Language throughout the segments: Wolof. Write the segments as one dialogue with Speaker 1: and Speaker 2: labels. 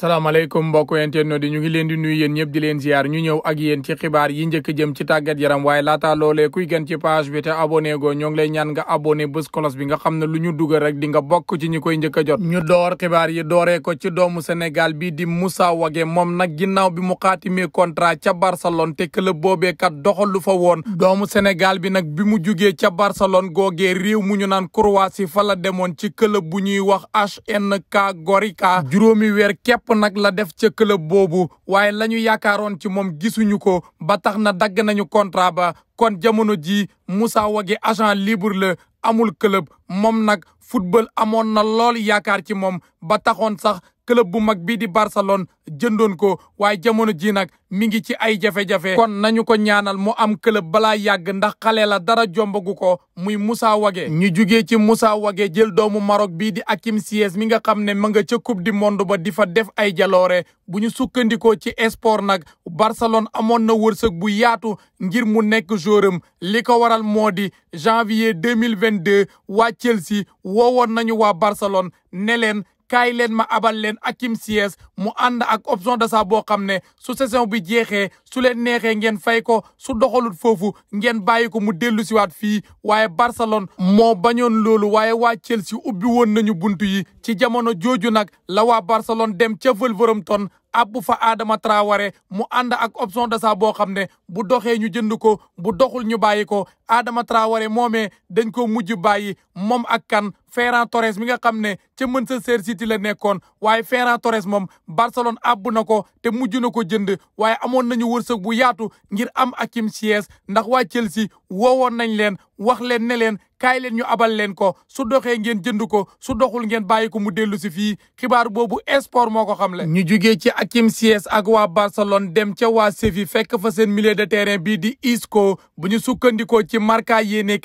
Speaker 1: salaamaaleykum mbokk internet di ñu ngi leen di nuyu yéen ñëpp di leen ziar ñu ñëw ak yéen ci xibaar yi njëkk jëm ci tàggat yaram waaye laata loolee kuy gën ci page bi te abonné go ñoo ngi lay ñaan nga abonné bés kolos bi nga xam ne lu ñu dugal rek di nga bokk ci ñi koy njëkk a ñu door xibaar yi dooree ko ci doomu Sénégal bi di Moussa Wagué moom nag ginnaaw bi mu xaatimee contrat ca Barcelone te club boobee kat doxal fa woon doomu Sénégal bi nag bi mu jugee ca Barcelone googee réew mu ñu naan Croatie fa la demoon ci club bu ñuy wax HNK Gorica juróomi weer képp lépp nag la def ca club boobu waaye la ñu yaakaaroon ci moom gisuñu ko ba tax na dagg nañu contrat ba kon jamono ji Moussa Wagué agent libre la amul club moom nag football amoon na lool yaakaar ci moom ba taxoon sax club bu mag bii di Barcelone jëndoon ko waaye jamono ji nag mi ngi ci ay jafe-jafe kon nañu ko ñaanal mu am club balaa yàgg ndax xale la dara jombagu ko muy Moussa wage ñu jugee ci Moussa wage jël doomu Maroc bii di Hakim Ziyech mi nga xam ne ma nga ca coupe du monde ba di fa def ay jaloore bu ñu sukkandikoo ci sport nag Barcelone amoon na wërsëg bu yaatu ngir mu nekk joueuram li ko waral moo di janvier 2022 waa Chelsea woowoon nañu waa Barcelone ne leen kaay leen ma abal leen Hakim Ziyech mu ànd ak option d'achat boo xam ne su saison bi jeexee su leen neexee ngeen fay ko su doxalut foofu ngeen bàyyi ko mu dellu siwaat fii waaye Barcelone moo bañoon loolu waaye waa si ubbi woon nañu buntu yi ci jamono jooju nag la waa Barcelone dem ca Wolverhampton abbu fa Adama Traoré mu ànd ak option d'achat boo xam ne bu doxee ñu jënd ko bu doxul ñu bàyyi ko Adama Traoré moomee dañ ko mujj bàyyi moom ak kan Ferran Torres mi nga xam ne ca Manchester City la nekkoon waaye Ferran Torres moom Barcelone àbb na ko te mujj na ko jënd waaye amoon nañu wërsëg bu yaatu ngir am Hakim Ziyech ndax waa Chelsea woowoon nañ leen wax leen ne leen kaay leen ñu abal leen ko su doxee ngeen jënd ko su doxul ngeen bàyyi ko mu dellu si fii xibaar boobu sport moo ko xamle. ñu jugee ci Hakim Ziyech ak waa Barcelone dem ca waa Séville fekk fa seen milieu de terrain bii di ko bu ñu sukkandikoo ci Marca yéene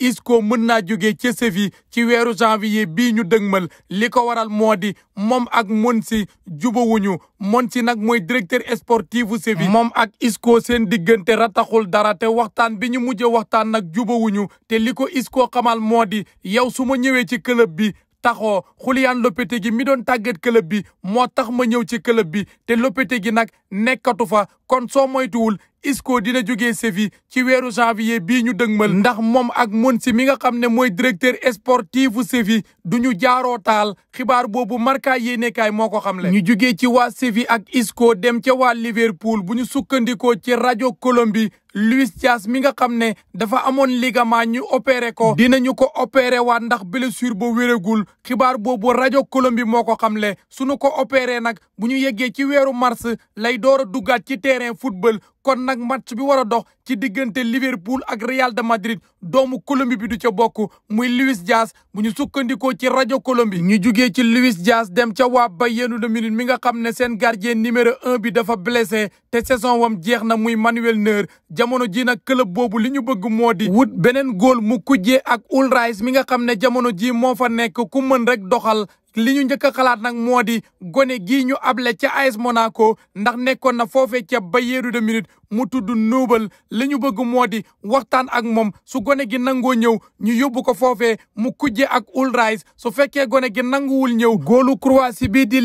Speaker 1: Isco mën naa jóge ci Séville ci weeru janvier bii ñu dëgmal li ko waral moo di moom ak Monsi jubawuñu Monsi nag mooy directeur sportif bu Séville moom ak isko seen diggante rataxul dara te waxtaan bi ñu mujjee waxtaan nag jubawuñu te li ko isko xamal moo di yow su ma ñëwee ci club bi taxoo Julian Lopetegui mi doon tàggat club bi moo tax ma ñëw ci club bi te gi nag nekkatu fa kon soo moytuwul isko dina jóge Séville ci weeru janvier bii ñu dëgmal ndax moom ak Monsi mi nga xam ne mooy directeur sportif bu Séville du ñu jaaroo taal xibaar boobu Marca yéenekaay moo ko xamle. ñu jógee ci waa Séville ak isko dem ca waa Liverpool bu ñu sukkandikoo ci rajo Colombie. Luis Diaz mi nga xam ne dafa amoon ligamant ñu opéré ko dinañu ko opéré waat ndax blessure ba wérégul xibaar boobu rajo Colombie moo ko xam xamle suñu ko opéré nag bu ñu yeggee ci weeru mars lay door a duggaat ci terrain football kon nag match bi war a dox ci diggante Liverpool ak Real de Madrid doomu Colombie bi du ca bokk muy Luis Diaz bu ñu sukkandikoo ci rajo Colombie. ñu jugee ci Luis Diaz dem ca waa Bayern de Munich mi nga xam ne seen gardien numéro un bi dafa blessé te saison wam jeex na muy Manuel Neuer jamono ji nag club boobu li ñu bëgg moo di. wut beneen góol mu kujjee ak Ulreich mi nga xam ne jamono ji moo fa nekk ku mën rek doxal. li ñu njëkk a xalaat nag moo di gone gii ñu able ca AS Monaco ndax nekkoon na foofee ca Bayern de Munich mu tudd Nobel li ñu bëgg moo di waxtaan ak moom su gone gi nangoo ñëw ñu yóbbu ko foofee mu kujje ak Ulreich su fekkee gone gi nanguwul ñëw góolu Croatie bii di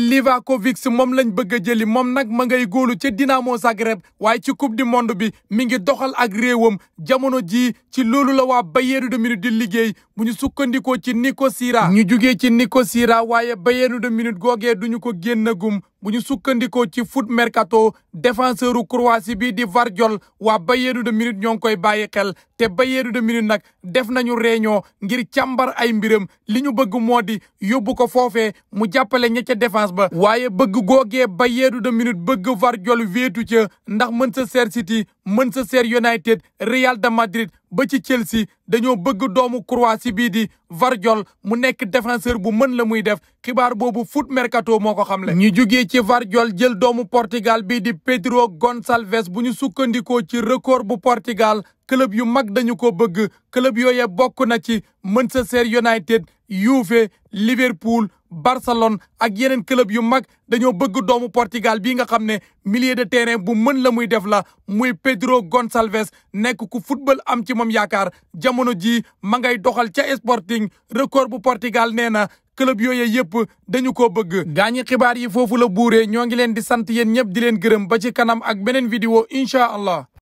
Speaker 1: si moom lañ bëgg a jëli moom nag ma ngay góolu ca Dinamo Zagreb waaye ci coupe di monde bi mi ngi doxal ak réewam jamono jii ci loolu la waa Bayern de Munich di liggéey bu ñu sukkandikoo ci Nico Sira ñu jugee ci Nico Sira waaye bayeenu de minute googee duñu ko génnagum bu ñu sukkandikoo ci foot mercato défenseuru Croatie bi di Vardiol waa Bayern de Munich ñoo ngi koy bàyyi xel te Bayern de Munich nag def nañu réunion ngir càmbar ay mbiram li ñu bëgg moo di yóbbu ko foofee mu jàppale ña ca défense ba waaye bëgg googee Bayern de Munich bëgg Vardiol wéetu ca ndax Manchester City Manchester United Real de Madrid ba ci Chelsea dañoo bëgg doomu Croatie bii di Vardiol mu nekk défenseur bu mën la muy def xibaar boobu foot mercato moo ko xamle ñu jugee ci ci var jol jël doomu Portugal bi di Pedro Gonçalves bu ñu sukkandikoo ci record bu Portugal club yu mag dañu ko bëgg club yooye bokk na ci Manchester United Juve Liverpool Barcelone ak yeneen club yu mag dañoo bëgg doomu Portugal bii nga xam ne milieu de terrain bu mën la muy def la muy Pedro Gonçalves nekk ku football am ci moom yaakaar jamono ji ma ngay doxal ca Sporting record bu Portugal nee na club yooyu yëpp dañu ko bëgg gaañi xibaar yi foofu la buure ñoo ngi leen di sant yéen ñëpp di leen gërëm ba ci kanam ak beneen vidéo incha allah